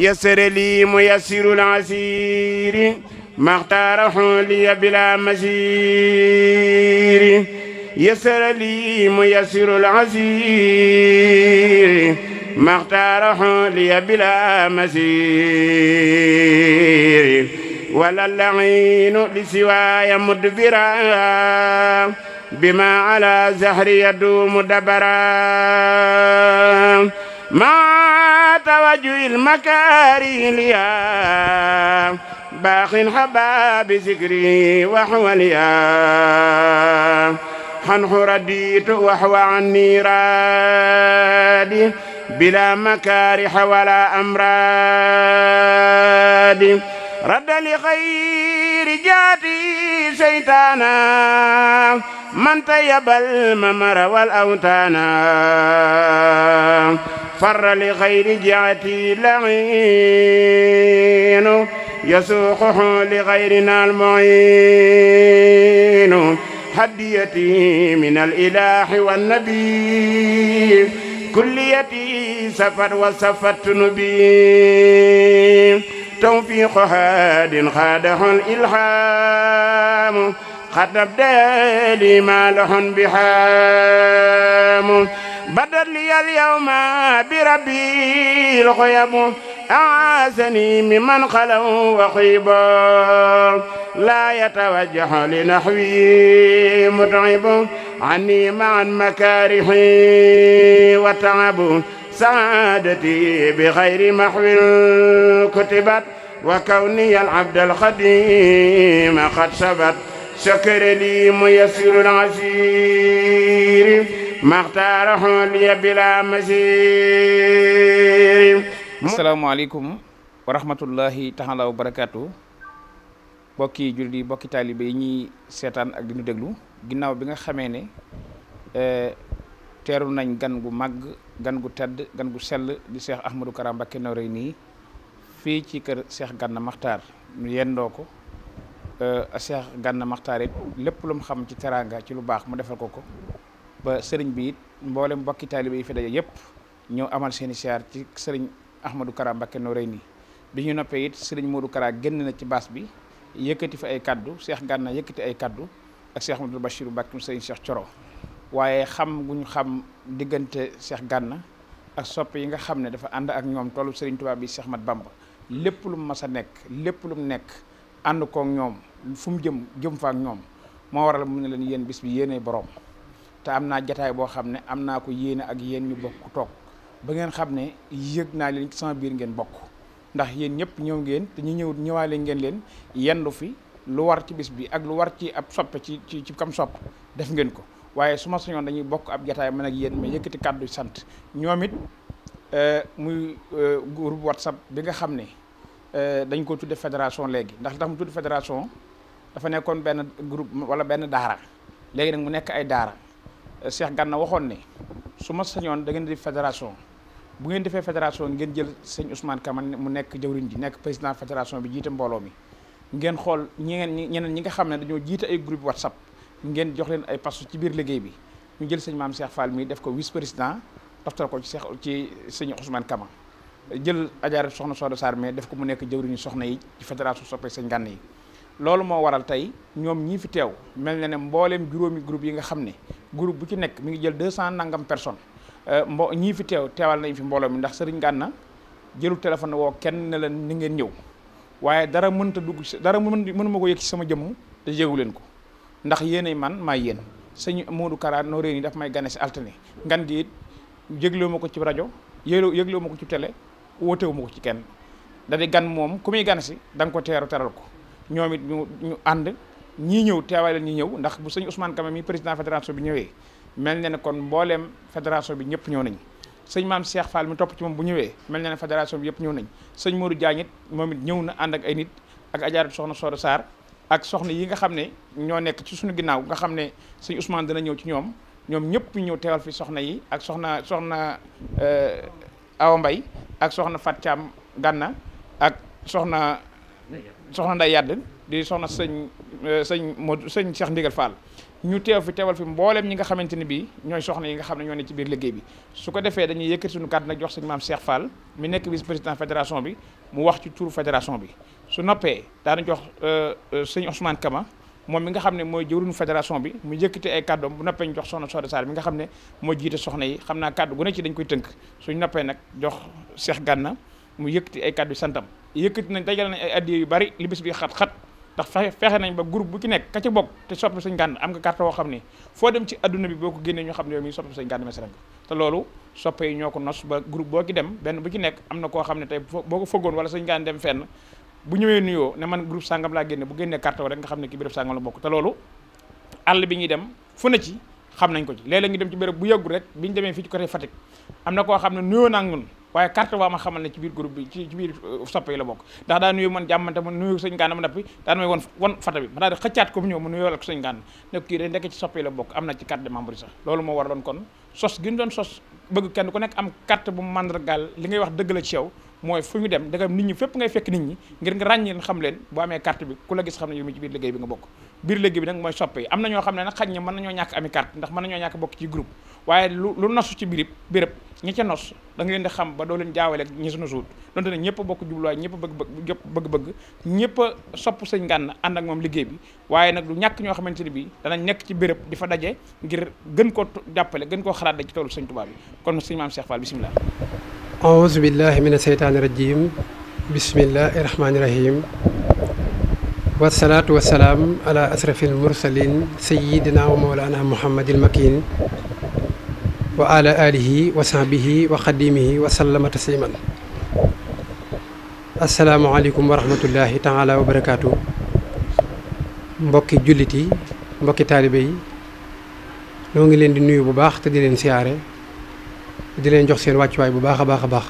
يسر لي ميسر العسير ما اختاره لي بلا مسير يسر لي ميسر العسير ما اختاره لي بلا مسير ولا اللعين لسواي مدبرا بما على زهري يدوم دبرا ما وجه المكاري ليا باخ حبا بذكري وحوليا حنح رديت وحو عني رادي بلا مكارح ولا أمراد رد لخير جاتي شيطانا من طيب الممر والأوتانا فر لغير جعتي لعين يسوقه لغيرنا المعين هديتي من الإله والنبي كليتي سفر وسفت نبي توفيق هاد خاده الإلهام قد أبدى لي مالح بحام بدت لي اليوم بربي الخيم أعاذني ممن خلوا وخيبا لا يتوجه لنحوي متعب عني مع المكارح والتعب سعادتي بغير محو كتبت وكوني العبد الخديم قد سبت شكر لي ميسر العسير ما اختاره لي بلا مسير السلام عليكم ورحمة الله تعالى وبركاته bokki jullit yi bokki taalibe yi ñuy seetaan ak di déglu ginnaaw bi nga xamee ne eh, teru nañ gan gu màgg gan gu tedd gan gu sell di Cheikh Ahmadou Kara Mbacké Noreyni nii fii ci kër seex Ganna Makhtar ñu yendoo ko Euh, Cheikh Gànna Maxtaar it lépp lu mu xam ci teraanga ci lu baax mu defal ko ko ba sëriñ bi it mboolem mbokki taalibe yi fi daje yëpp ñëw amal seeni siyaar ci sëriñ Ahmadou Kara Mbacké nii bi ñu noppee it sëriñ Modou Kara génn na ci baas bi yëkkati fi ay kàddu seex Gànna yëkkati ay kàddu ak Cheikh Ahmadou Bachir Mbacké sëriñ Cheikh Thioro waaye xam gu ñu xam diggante Cheikh Gànna ak sopp yi nga xam ne dafa ànd ak ñoom tollu sëriñ tubaab bi seex Mat Bamba lépp lu mu mas a nekk lépp lu mu nekk ànd koog ñoom fu mu jëm jëm fa ak ñoom moo waral mu na leen yéen bis bi yéene borom te am naa jataay boo xam ne am naa ko yéene ak yéen ñu bokk toog ba ngeen xam ne yëg naa leen ci sama biir ngeen bokk ndax yéen ñëpp ñëw ngeen te ñu ñëwut ñëwaale ngeen leen yendu fi lu war ci bis bi ak lu war ci ab soppe ci ci ci kam sopp def ngeen ko waaye su ma sañoon dañuy bokk ab jataay man ak yéen mais yëkkati kàddu sant ñoom it euh, muy euh, groupe WhatsApp bi nga xam ne Euh, dañ ko tudde fédération léegi ndax li tax mu tudde fédération dafa nekkoon benn groupe wala benn daara léegi nag mu nekk ay daara euh, Cheikh Ganna waxoon ne su ma sañoon dangeen di fédération bu ngeen defee fédération ngeen jël sëñ Ousmane Kaman mu nekk jawriñ ji nekk président fédération bi jiite mbooloo mi ngeen xool ñi ngeen ñeneen ñi nga xam ne dañoo jiite ay groupe WhatsApp ngeen jox leen ay pasu ci biir liggéey bi ñu jël sëñ maam Cheikh Fall mi def ko vice président toftal ko ci Cheikh ci sëñ Ousmane Kaman jël ajaar soxna soo Soda Sarr mais def ko mu nekk jëwriñu soxna yi ci fédération soppe sëñ Gànna yi loolu moo waral tey ñoom ñii fi teew mel na ne mbooleem juróomi groupe yi nga xam ne groupe bu ci nekk mi ngi jël deux cent nangam personnes euh, mbo ñii fi teew teewal nañ fi mbooloom mi ndax sëriñ na jëlul téléphone woo kenn ne leen ni ngeen ñëw waaye dara mënta dugg si dara mën mënuma ko yëg ci sama jëmm te jégu leen ko ndax yéenay man maa yéen sëñ Modou Kara Noreyni daf may gane si altine ngan gi it ma ko ci rajo yëgloo ma ko ci télé wootewu ma ko ci kenn da gan moom ku muy gan si da ko teeru teral ko ñoom it ñu ànd ñii ñëw teewaay la ñëw ndax bu sëñ Ousmane Kama mi président fédération bi ñëwee mel na ne kon mbooleem fédération bi ñëpp ñëw nañ sëñ maam Cheikh Fall mi topp ci moom bu ñëwee mel na fédération bi yëpp ñëw nañ sëñ Modou Diagne moom it ñëw na ànd ak ay nit ak ajaaratu soxna Soda Sarr ak soxna yi nga xam ne ñoo nekk ci suñu ginnaaw nga xam ne sëñ Ousmane dana ñëw ci ñoom ñoom ñëpp ñëw teewal fi soxna yi ak soxna soxna euh, Awa Mbay ak soxna Fat Caam Gànna ak soxna soxna Nday Yàdd di soxna sëñ euh, sëñ Modou sëñ Cheikh Ndigal Fall ñu teew fi teewal fi mbooleem ñi nga xamante ni bii ñooy soxna yi nga xam ne ñoo ne ci biir liggéey bi su ko defee dañuy yëkkati suñu kàddu nag jox sëñ maam Cheikh Fall mi nekk vice président fédération bi mu wax ci turu fédération bi su noppee daana jox euh, euh, sëñ Ousmane Kama moom mi nga xam ne mooy jëwriñu fédération bi mu yëkkati ay kàddoom bu noppee ñu jox soxna Soda Sarr mi nga xam ne moo jiite soxna yi xam naa kàddu gu ci dañ koy tënk suñ noppee nag jox Cheikh Ganna mu yëkkati ay kàddu santam yëkkati nañ dajal nañ ay addiye yu bari li bis bi xat-xat ndax fexe fexe nañ ba groupe bu ci nekk ka ci bokk te sopp sañ Ganna am nga carte woo xam ne foo dem ci adduna bi boo ko génnee ñu xam ne yow mi sopp sañ Ganna Messere ko nos ba boo ci dem benn bu ci nekk am na koo xam ne tey boo ko fëggoon wala sañ fenn bu ñëwee nuyoo ne man groupe sangam laa génne bu génnee carte rek nga xam ne kii béréb sangam la bokk te loolu àll bi ñuy dem fu na ci xam nañ ko ci léeg-léeg dem ci béréb bu yàggu rek bi ñu demee fii ci côté Fatick na koo xam ne nuyoo naa ñun waaye carte waa ma xamal ne euh, la bokk ndax daa nuyoo man jàmmante ma nuyoo sëñ Gana ma nappi daa may won won fata bi ma daal di xëccaat ko mu ñëw mu nuyoo ak sëñ Gana nekk kii rek nekk ci soppe la bokk am na ci carte de membre yi sax loolu moo war doon kon wax dëgg la ci yow mooy fu ñu dem da nit ñi fépp ngay fekk nit ñi ngir nga ràññi leen xam leen boo amee carte bi ku la gis xam ne yow mi ci biir liggéey bi nga bokk biir liggéey bi nag mooy soppe yi am na ñoo xam ne nag xaj na mën nañoo ñàkk ami carte ndax mën nañoo ñàkk bokk nos da nga leen xam ba doo leen jaawale ak ñi sunu suut donte ne ñëpp a bokk bëgg bëgg-bëgg ñëpp a sopp sëñ Gana ànd ak moom liggéey bi waaye nag du ñàkk ñoo xamante ne bii danañ nekk ci béréb di fa daje ngir gën koo jàppale gën koo xalaat da ci toolu sëñ Tuubaa bi kon sëñ maam Cheikh Fall auzu billahi min aseytaani rajim bismillahi rahmaani rahim wa mawlana muhammadil makin wa ala alihi wa sahbihi wa xadimihi wa sallama tasliman asalaamualeykum wa rahmatullahi taala wa barakaatu mbokki jullit mbokki taalibe yi noo ngi leen di nuyu bu baax te di leen siyaare di leen jox seen wàccuwaay bu baax a baax a baax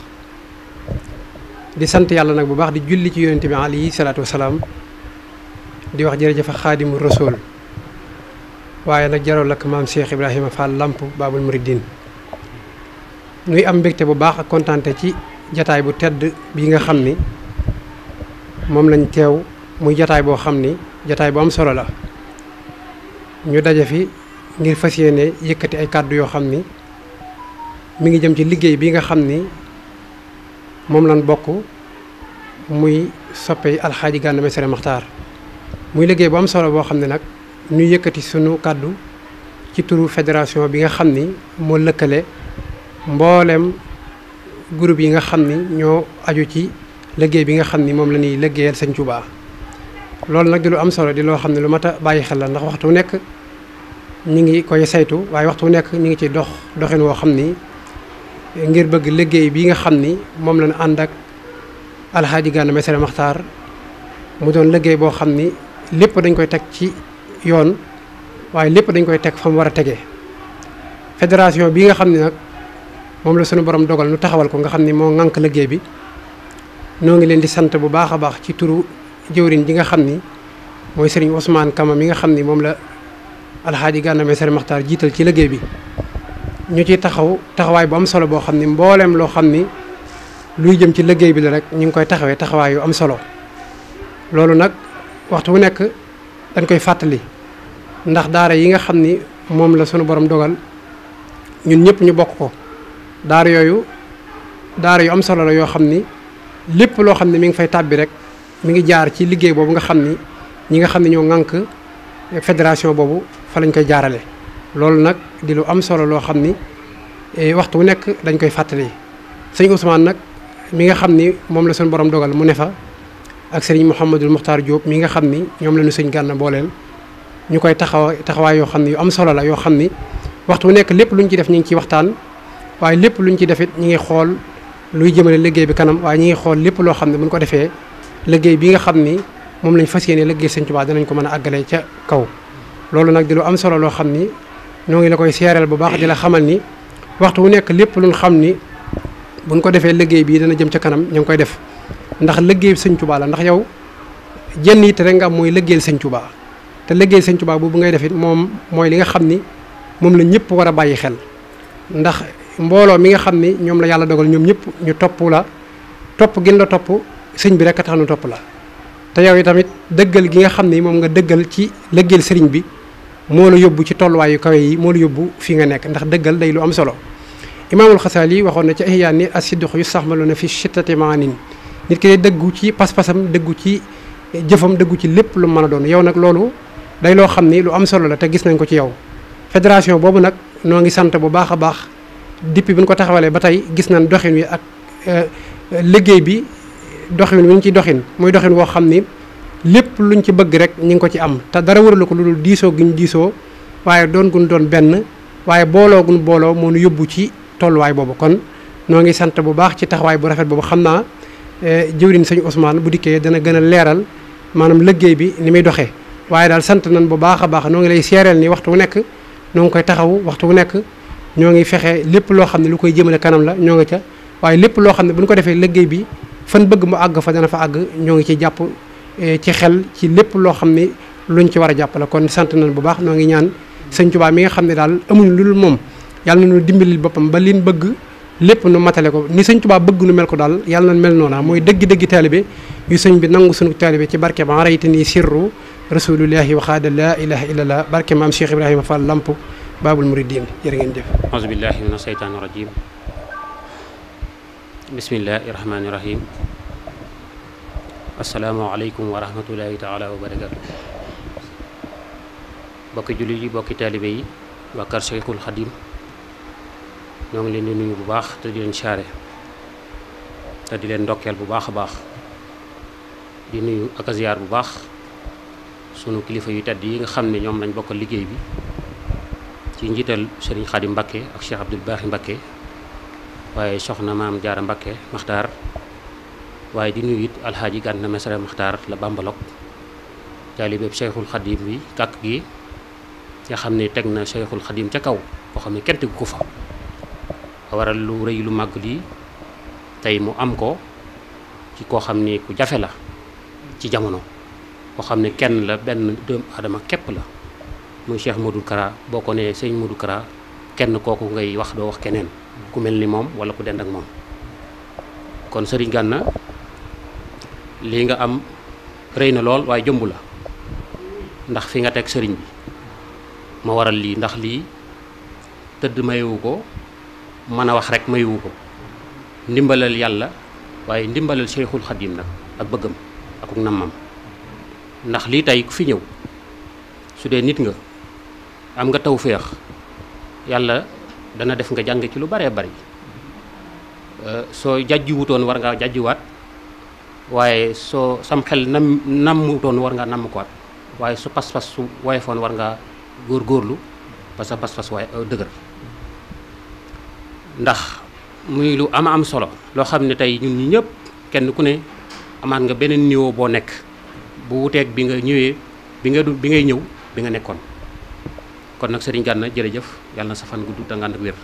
di sant yàlla nag bu baax di julli ci yonente bi alayhi salaatu wasalaam di wax jërëjëf xaadimu rasool waaye nag jaroo lakk maam Cheikh Ibrahima Fall Lamp Baabul Muridin nuy am mbégte bu baax ak kontaante ci jataay bu tedd bi nga xam ni moom lañ teew muy jataay boo xam ni jataay bu am solo la ñu daje fi ngir fas yéene yëkkati ay kàddu yoo xam ni mi ngi jëm ci liggéey bi nga xam ni moom lañ bokk muy soppe alxaaji Gana Messere Maxtaar muy liggéey bu am solo boo xam ne nag ñu yëkkati suñu kàddu ci turu fédération bi nga xam ni moo lëkkale mboolem groupe yi nga xam ni ñoo aju ci liggéey bi nga xam ni moom la ñuy liggéeyal Sëñ Tuubaa loolu nag di lu am solo di loo xam ne lu mat a bàyyi xel la ndax waxtu nekk ñu ngi koy saytu waaye waxtu nekk ñu ngi ci dox doxin woo xam ni ngir bëgg liggéey bii nga xam ni moom lañ ànd ak alxaaji Gana Messere Maxtaar mu doon liggéey boo xam ni lépp dañ koy teg ci yoon waaye lépp dañ koy teg fa mu war a tege fédération bii nga xam ni nag moom la sunu borom dogal nu taxawal ko nga xam ni moo ŋànk liggéey bi noo ngi leen di sant bu baax a baax ci turu jëwriñ ji nga xam ni mooy sëriñ Ousmane Kama mi nga xam ni moom la alxaaji Gana Messere Maxtaar jiital ci liggéey bi ñu ci taxaw taxawaay bu am solo boo xam ni mbooleem loo xam ni luy jëm ci liggéey bi la rek ñu ngi koy taxawee taxawaay am solo loolu nag waxtu wu nekk dañ koy fàttali ndax daara yi nga xam ni moom la sunu borom dogal ñun ñëpp ñu bokk ko daara yooyu daara yu am solo la yoo xam ni lépp loo xam ne mu ngi fay tàbbi rek mu ngi jaar ci liggéey boobu nga xam ni ñi nga xam ne ñoo ŋànk fédération boobu fa lañ koy jaarale loolu nag di lu am solo loo xam ni eh, waxtu wu nekk dañ koy fàttali sëñ Ousmane nag mi nga xam ni moom la suñu borom dogal mu ne fa ak sëriñ Mouhamadul Muxtaar Diop mi nga xam ni ñoom la ñu sëñ gànna booleel ñu koy taxaw taxawaay yoo xam ne yu am solo la yoo xam ni waxtu wu nekk lépp lu ñu ci def ñu ngi ciy waxtaan waaye lépp lu ñu ci defit ñu ngi xool luy jëmale liggéey bi kanam waaye ñu ngi xool lépp loo xam ne bu ñu ko defee liggéey bi nga xam ni moom lañ fas yéene liggéey sëñ Tuubaa danañ ko mën a àggale ca kaw loolu nag di lu am solo loo xam ni ñoo ngi la koy seeral bu baax di la xamal ni waxtu wu nekk lépp luñ xam ni buñ ko defee liggéey bii dana jëm ca kanam ñu ngi koy def ndax liggéey sëñ Tuubaa la ndax yow jenn it rek nga am mooy liggéeyal sëñ Tuubaa te liggéey sëñ Tuubaa boobu ngay def moom mooy li nga xam ni moom la ñëpp war a bàyyi xel ndax mbooloo mi nga xam ni ñoom la yàlla dogal ñoom ñëpp ñu topp la topp gën la topp sëñ bi rek nu topp la te yow itamit dëggal gi nga xam ni moom nga dëggal ci liggéeyal sëriñ bi moo la yóbbu ci tolluwaayu kawe yi moo la yóbbu fi nga nekk ndax dëggal day lu am solo imaamul xasaali waxoon na ci ihyaan ni asidux yu saxmalu na fi shittati maanin nit ki day dëggu ci pas-pasam dëggu ci jëfam dëggu ci lépp lu mën a doon yow nag loolu day loo xam ni lu am solo la te gis nañ ko ci yow fédération boobu nag noo ngi sant bu baax a baax depuis bi ñu ko taxawalee ba tey gis nañ doxin wi ak euh, liggéey bi doxin wi ñu ci doxin muy doxin woo xam ni lépp lu luñ ci bëgg rek ñu ngi ko ci am te dara waralu ko lu dul diisoo guñ diisoo waaye doon guñ doon benn waaye booloo guñ booloo moo nu yóbbu ci tolluwaay boobu kon noo ngi sant bu baax ci taxawaay bu rafet boobu xam naa eh, jëwriñ sëñ Ousmane bu dikkee dana gën a leeral maanaam liggéey bi ni muy doxee waaye daal sant nañ bu baax a baax noo ngi lay seereel ni waxtu wu nekk noo ngi koy taxaw waxtu wu nekk ñoo ngi fexe lépp loo xam ne lu koy jëmale kanam la ñoo ngi ca waaye lépp loo xam ne bu ñu ko defee liggéey bi fan mu àgg fa dana fa àgg ñoo ngi ci jàpp Eh, ci xel ci lépp loo xam ne luñ ci war a jàppale kon sant nañ bu baax noo ngi ñaan sëñ Tuubaa mi nga xam ne daal amuñu lu dul moom yàlla nañu dimbalil boppam ba liñ bëgg lépp nu matale ko ni sëñ Tuubaa bëgg nu mel ko daal yàlla nañ mel noona mooy dëgg-dëgg taalibe yu sëñ bi nangu sunu taalibe ci barke ba rayta nii sirru rasulullahi waxaada laa ilaha illallah barke maam Cheikh Ibrahima Fall Lamp baabul muridin jërë ngeen jëf aousubillahi min asheytan irajim bismillahi rahmani asalaamaaleykum wa rahmatullahi taala wa barakatu bokki jullit yi bokki taalibe yi waa kër Cheikhul Khadim ñoo ngi leen di nuyu bu baax te di leen saare te di leen ndokkeel bu baax a baax di nuyu ak ziyaar bu baax sunu kilifa yu tedd yi nga xam ne ñoom lañ bokkal liggéey bi ci njiital Serigne Khadim Mbakke ak Cheikh Abdoul Baaxi Mbakke waaye soxna maam Jaara Mbakke Maxtaar waaye di nuyu it alxaaji Gana Messere Maxtaar la bambalog taalibeeb Cheikhul Xadim bi kàkk gi nga xam ne teg na Cheikhul Xadim ca kaw boo xam ne kenn tegu ko fa waral lu lu màgg lii tey mu am ko ci koo xam ne ku jafe la ci jamono koo xam ne kenn la benn doomu aadama képp la muy Cheikh Modou Kara boo ko nee sëñ Modou Kara kenn kooku ngay wax doo wax keneen ku mel ni moom wala ku dend ak moom kon Serigne Gana lii nga am rëy na lool waaye jomb la ndax fi nga teg sëriñ bi ma waral lii ndax lii tëdd mayewu ko mën a wax rek mayewu ko ndimbalal yàlla waaye ndimbalal Cheikhul Khadim nag ak bëggam ak nammam ndax lii tey ku fi ñëw su dee nit nga am nga taw tawféex yàlla dana def nga jàng ci lu baree bari euh, soo jàjjiwutoon war ngaa jàjjiwaat waaye soo sam xel nam nam war nga nam ko waaye su pas-pas su woyofoon war nga góorgóorlu ba sa pas-pas waaye euh, dëgër ndax muy lu ama am solo loo xam ne tey ñun ñi ñëpp kenn ku ne amaat nga beneen niveau boo nekk bu wuteeg bi nga ñëwee bi nga du bi ngay ñëw bi nga nekkoon kon nag Serigne Gana jërëjëf yàlla na sa fan gudd te nga wér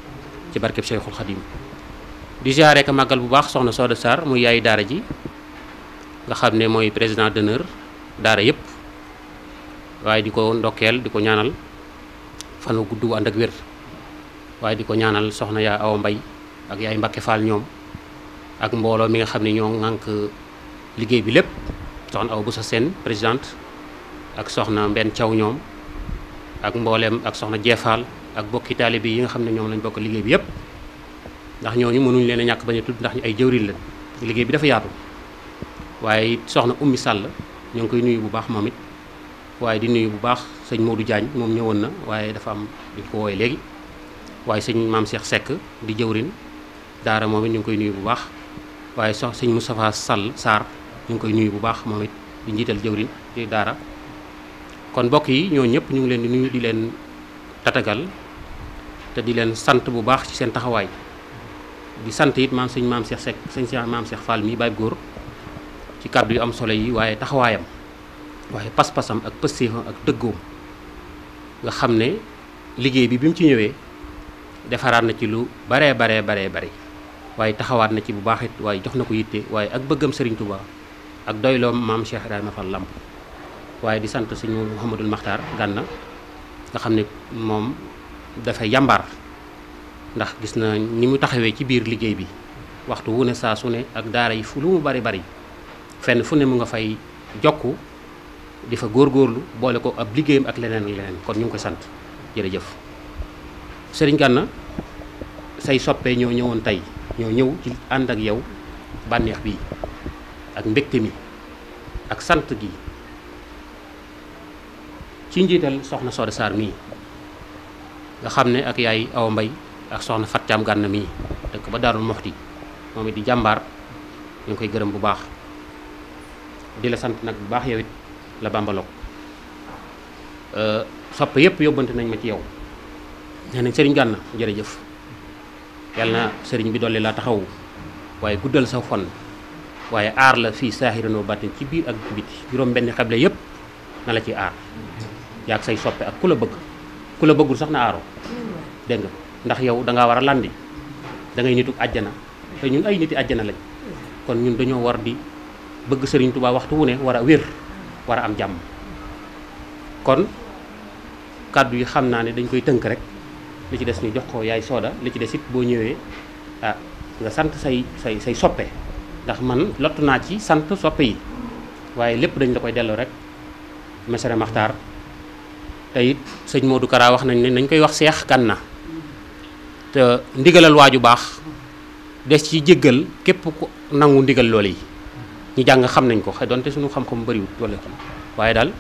ci barkeb Cheikhul Khadim di ziare ka màggal bu baax soxna Soda Sarr muy yaayu daara ji nga xam ne mooy président d'honneur daara yëpp waaye di ko ndokkeel di ko ñaanal fan wu gudd wu ànd ak wér waaye di ko ñaanal soxna yaa Awa Mbay ak yaay Mbakke Fall ñoom ak mbooloo mi nga xam ne ñoo ŋànk liggéey bi lépp soxna Awa Boussa seen présidente ak soxna Mbenn Thiaw ñoom ak mbooleem ak soxna Jeefaal ak bokki taalibe yi nga xam ne ñoom lañ bokk liggéey bi yépp ndax ñooñu mënuñ leen a ñàkk bañ a tudd ndax ñu ay jëwriñ lañ liggéey bi dafa yaatu waaye it soxna ummi sàll ñu ngi koy nuyu bu baax moom it waaye di nuyu bu baax sëñ Modou Diagne moom ñëwoon na waaye dafa am di ko wooye léegi waaye sëñ maam seex sekk di jëwrin daara moom ñu ngi koy nuyu bu baax waaye sox sëñ Moustapha Sall Sarr ñu ngi koy nuyu bu baax moom it di njiital jëwrin di daara kon mbokk yi ñoo ñëpp ñu ngi leen di nuyu di leen tatagal te di leen sant bu baax ci seen taxawaay di sant it maam sëñ maam Cheikh Seck sëñ maam Cheikh Fall mii baay góor ci kàddu yu am solo yi waaye taxawaayam waaye pas-pasam ak pëstéefam ak dëggoom nga xam ne liggéey bi bi mu ci ñëwee defaraat na ci lu baree baree baree bari waaye taxawaat na ci bu baax it waaye jox na ko yitte waaye ak bëggam Serigne Touba ak doyloom maam Cheikh Ibrahima Fall Lamp waaye di sant suñu Mouhamadul Makhtar Ganna nga xam ne moom dafa yàmbaar ndax gis na ni mu taxawee ci biir liggéey bi waxtu wu ne saa su ne ak daara yi fu lu mu bari bari fenn fu ne mu nga fay jokku di fa góorlu boole ko ab liggéeyam ak leneen ak leneen kon ñu ngi koy sant jërëjëf sëriñ Gana say soppe ñoo ñëwoon tey ñoo ñëw ci ànd ak yow bànneex bi ak mbégte mi ak sant gi ci njiital soxna Soda Sarr mii nga xam ne ak yaay Awa Mbay ak soxna Fat Thiam Gana mii dëkk ba Daarul Moxti moom it di jàmbaar ñu ngi koy gërëm bu baax di la sant nag bu baax yow it la bàmbaloog euh, sopp yëpp yóbbante nañ ma ci yow nee nañ sëriñ Gànna jërëjëf yàlla na sëriñ bi dolli laa taxawu waaye guddal sa fon waaye aar la fi saahiran wa ci biir ak biti juróom benn xeble yëpp na la ci aar yaag say soppe ak ku la bëgg ku la bëggul sax na aaroo dégg ndax yow danga war a landi dangay ngay nituk àjjana te ñun ay niti àjjana lañ kon ñun dañoo war di bëgg sëriñ Touba waxtu wu ne war a wér war a am jàmm kon kàddu yi xam naa ne dañ koy tënk rek li ci des ñu jox ko yaay sooda li ci des it boo ñëwee ah, nga sant say say say soppe ndax man lottu naa ci sant soppe yi waaye lépp dañ la koy dellu rek mesere Maxtaar te it sëñ Modou karaa wax nañ ne nañ koy wax seex Gànna te ndigalal ju baax des ci jéggal képp nangu ndigal lool yi ñu jàng xam nañ ko xëy donte suñu xam-xam bëriwut wala kii waaye daal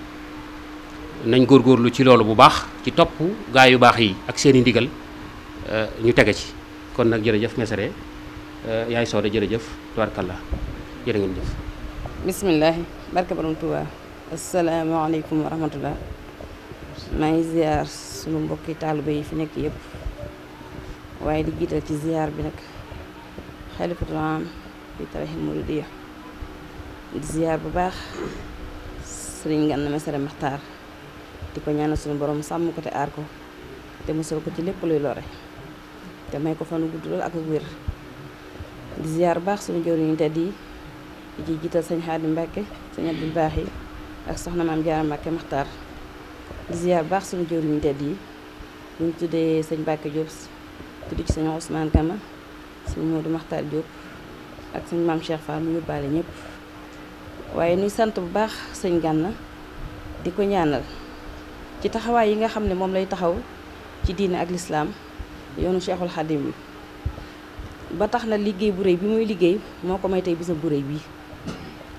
nañ góorlu ci loolu bu baax ci topp gaa yu baax yi ak seen i ndigal euh, ñu tege ci kon nag jërëjëf mesare euh, yaay sooda jërëjëf tubaarkàllaa jërë ngeen jëf bismillaahi barke borom Tuubaa asalaamaaleykum wa rahmatullah maa ngi mbokki taaliba yi fi nekk yëpp waaye di jiital ci ziar bi nag xalifatul am bi tarixil muridiya di bu baax sëriñ Ganna Messere Maxtaar di ko ñaanal suñu borom sàmm ko te te musal ko ci lépp luy lore te may ko fanu gudd ak wér di ziyaar baax suñu jëwriñu tedd yi di ci jiital sëñ Xaadim Mbàkke sëñ Abdul Baax yi ak soxna maam Jaara Mbàkke Maxtaar di ziyaar baax suñu jëwriñu tedd yi buñ tuddee sëñ Mbàkke Jóob tudd ci sëñ Ousmane Kama sëñ Moodu Maxtaar Jóob ak sëñ maam Cheikh Fall mu yóbbaale ñëpp waaye ni sant bu baax sëñ Gana di ko ñaanal ci taxawaay yi nga xam ne moom lay taxaw ci diine ak lislaam yoonu Cheikhul Khadim ba tax na liggéey bu réy bi muy liggéey moo ko may tey bisa bu réy bi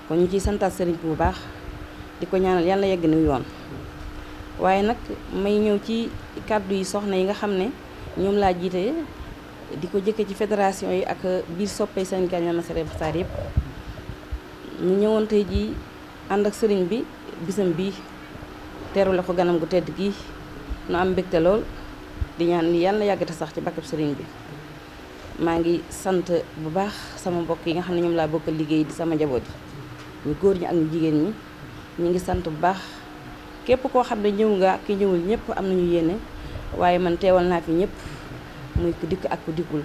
kon ñu ciy santaat sëriñ bi bu baax di ko ñaanal yàlla yegg ni yoon waaye nag may ñëw ci kàddu yi soxna yi nga xam ne ñoom laa jiite di ko jëkke ci fédération yi ak biir soppee sëriñ Gana Messere Makhtar yëpp ñu ñëwoon tey jii ànd ak sëriñ bi bisam bii teeru la ko ganam gu tedd gii nu am mbégte lool di yàlla yàggate sax ci bakkab sëriñ bi maa ngi sant bu baax sama mbokk yi nga xam ne ñoom laa bokk liggéey di sama njaboot yi ñu góor ñi ak ñu jigéen ñi ñu ngi sant bu baax képp koo xam ne ñëw nga ki ñëwul ñépp am na ñu yéene waaye man teewal naa fi ñëpp muy ku dikk ak ku dikkul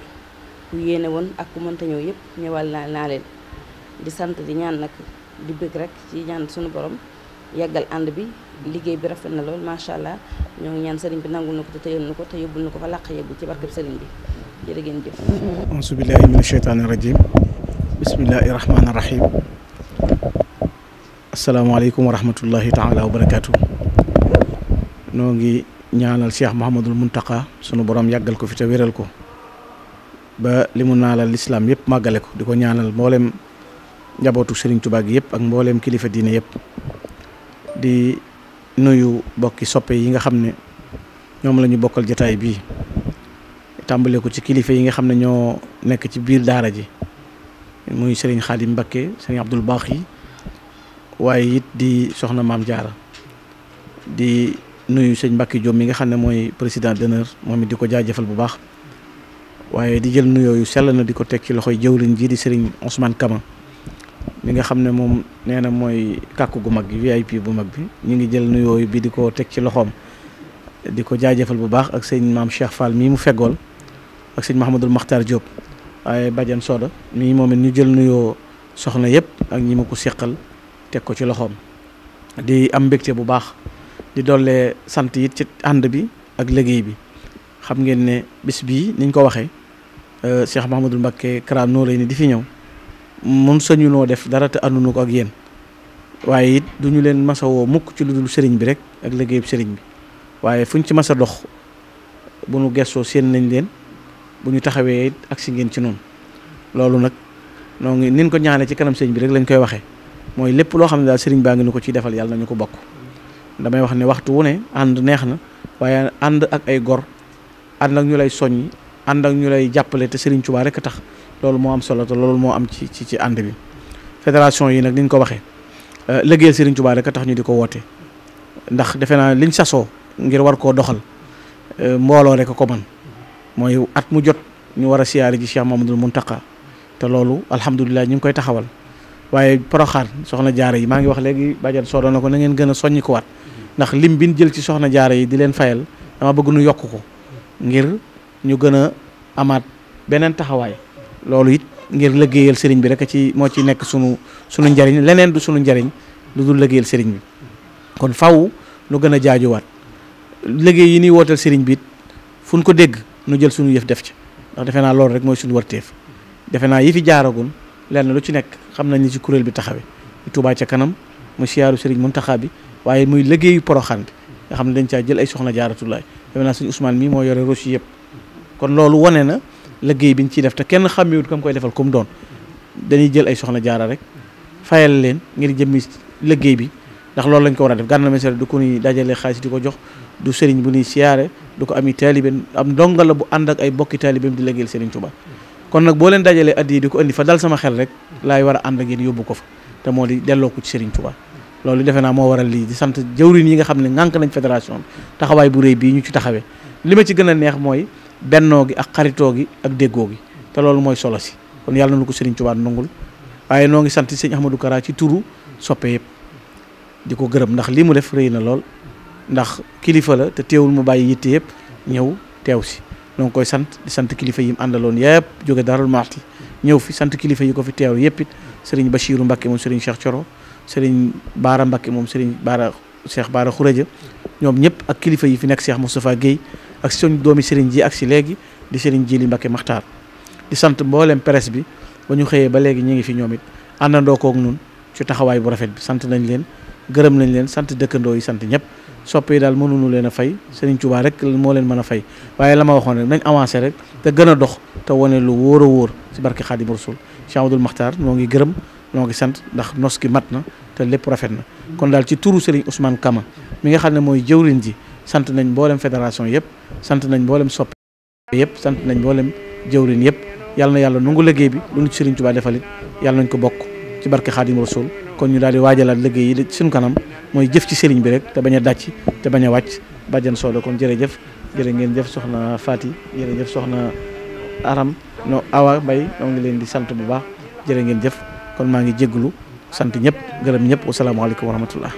ku yéene woon ak ku mënta ñëw yëpp ñëwal naa naa leen di sant di ñaan nag di bëgg rek ci ñaan suñu borom yàggal ànd bi liggéey bi rafet na lool macha allah ñoo ñaan sëriñ bi nangul na ko te tëyal na ko te yóbbul na ko fa làq yeggu ci barkeb sëriñ bi jërë ngeen jëf auzu billaahi mina sheytaani rajiim bismillaahi rahmaani rahiim asalaamaaleykum wa rahmatullahi taala wa barakaatu noo ngi ñaanal cheikh Mouhamadul Mountakha sunu borom yàggal ko fi te wéral ko ba li mu naalal lislaam yëpp màggale ko di ko ñaanal njabootu sëriñ tubaak gi yëpp ak mbooleem kilifa diine yëpp di nuyu bokki soppe yi nga xam ne ñoom la ñu bokkal jataay bii tàmbale ko ci kilifa yi nga xam ne ñoo nekk ci biir daara ji muy sëriñ Khadim Mbakke Serigne Abdul Baax yi waaye it di soxna maam Jaara di nuyu sëñ Mbakke Diop mi nga xam ne mooy président d'honneur moom it di ko jaajëfal bu baax waaye di jël nuyoo yu sell na di ko teg ci loxoy jëwriñ jii di Serigne Ousmane Kama. mi nga xam ne moom nee na mooy kàkku gu mag bi VIP bu mag bi ñu ngi jël nuyoo bi di ko teg ci loxoom di ko jaajëfal bu baax ak sëñ maam Cheikh Fall mii mu feggool ak sëñ Mahamadul Makhtar Diop waaye Badiane Soda mii moom it ñu jël nuyoo soxna yëpp ak ñi ma ko seqal teg ko ci loxoom di am mbégte bu baax di dollee sant it ci ànd bi ak liggéey bi xam ngeen ne bis bii niñ ko waxee euh, Cheikh Mahamadul Mbacké Kara Noreyni di fi ñëw moom sañunoo def dara te àndunu ko ak yéen waaye it du ñu leen masa woo mukk ci lu dul sëriñ bi rek ak liggéeyub sëriñ bi waaye fu ñu ci masa dox bu nu gestoo seen nañ leen bu ñu taxawee ak si ngeen ci noonu loolu nag noo ngi nin ko ñaanee ci kanam sëriñ bi rek lañ koy waxee mooy lépp loo xam ne daal sëriñ baa ngi nu ko ciy defal yàlla ñu ko bokk damay wax ne waxtu wu ne ànd neex na waaye ànd ak ay gor ànd ak ñu lay soññi ànd ak ñu lay jàppale te sëriñ Tuubaa rek a tax loolu moo am solo te loolu moo am ci ci ci ànd bi fédération yi nag ni ñu ko waxee euh, liggéeyal Serigne Touba rek a tax ñu di ko woote ndax defe naa liñ sasoo ngir war koo doxal euh, mbooloo rek ko man mooy at mu jot ñu war a siyaare ji Cheikh mun Mountakha te loolu alhamdulilah ñu ngi koy taxawal waaye poroxaan soxna jaara yi maa ngi wax léegi bàjjan soo doon na ko na ngeen gën a soññi waat ndax lim bi ñu jël ci soxna jaara yi di leen fayal dama bëgg nu yokk ko ngir ñu gën a amaat beneen taxawaay loolu it ngir liggéeyal sëriñ bi rek ci moo ci nekk sunu sunu njariñ leneen du sunu njariñ lu dul liggéeyal sëriñ bi kon faw lu gën a jaajuwaat liggéey yi nuy wootal sëriñ bi it fu ko dégg nu jël sunu yëf def ci ndax defe naa loolu rek mooy sunu warteef defe naa yi fi jaaragul lenn lu ci nekk xam nañ ni ci kuréel bi taxawe Touba ca kanam mu siyaaru sëriñ Muntaxa bi waaye muy liggéeyu poroxaan bi nga xam ne dañ caa jël ay soxna jaaratullaay defe naa suñu mii moo yore roche yëpp kon loolu wane na liggéey bi ñu ciy def te kenn xàmmiwut kam koy defal kum doon dañuy jël ay soxna jaara rek fayal leen ngir jëmmi liggéey bi ndax loolu lañ ko war a def Gana Messere du ko ñuy dajalee xaalis di ko jox du sëriñ bu ñuy siyaare du ko ami taalibe am ndonga la bu ànd ak ay bokki taalibeem di liggéeyal Sëriñ Tuubaa kon nag boo leen dajale dajalee addi di ko indi fa dal sama xel rek laay war a ànd ak yéen yóbbu ko fa te moo di delloo ko ci Sëriñ Tuubaa loolu defe naa moo waral lii di sant jëwriñ yi nga xam ne ŋànk nañ fédération bi taxawaay bu bii ñu ci taxawee li ma ci gën a neex mooy bennoo gi ak xaritoo gi ak déggoo gi te loolu mooy solo si kon yàlla na ko Serigne Touba nangul waaye noo ngi sant sëñ Ahmadou Kara ci turu soppe yëpp di ko gërëm ndax li mu def rëy na lool ndax kilifa la te teewul mu bàyyi yitte yëpp ñëw teew si noo ngi koy sant di sant kilifa yi mu àndaloon yëpp jóge Darou Mouhty ñëw fi sant kilifa yi ko fi teew yëpp it Serigne Bachirou Mbacke moom Serigne Cheikh Thioro Serigne Baara Mbacke moom Serigne Baara Cheikh Baara Khourédia ñëpp ak kilifa yi fi nekk Cheikh Moustapha Guèye ak suñ doomi sëriñ ji ak si léegi di sëriñ ji li Mbakke Maxtaar di sant mboolem peres bi ba ñu xëyee ba léegi ñu ngi fi ñoom it àndandoo kook nun ci taxawaay bu rafet bi sant nañ leen gërëm nañ leen sant dëkkandoo yi sant ñëpp sopp daal mënuñu leen a fay Serigne Touba rek moo leen mën a fay waaye la waxoon nañ avancé rek te gën a dox te wane lu wóor a wóor ci barke Xaadim Rasul Cheikh Amadou Makhtar noo ngi gërëm noo ngi sant ndax nos ki mat na te lépp rafet na kon daal ci turu Serigne Ousmane Kama mi nga xam ne mooy jëwriñ ji sant nañ mboolem fédération yëpp sant nañ mboolem soppe yëpp sant nañ mboolem jëwrin yëpp yàlla na yàlla nungu liggéey bi lu nu ci Sëriñ Tuubaa defalit yàlla nañ ko bokk ci barke Xaadim Rasuul kon ñu daal di waajalaat liggéey yi suñu kanam mooy jëf ci sëriñ bi rek te bañ a dàcc te bañ a wàcc bàjjan soodo kon jëf jërë ngeen jëf soxna Faty jërëjëf soxna Aram no Awa Mbay ñoo ngi leen di sant bu baax jërë ngeen jëf kon maa ngi jégglu sant ñëpp gërëm ñëpp wasalaamaaleykum wa rahmatullah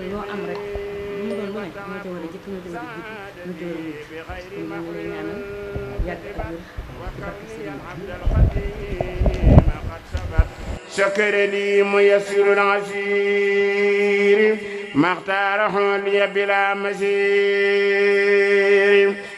doon loo am rek lu mu doon lu ne moo ca war a jëkk moo ca war a jiitu moo ca war a mujj kon maa ngi lay ñaanal yàgg ak wér ci barke Sëriñ شكر لي ميسر العسير ما اختاره لي بلا مسير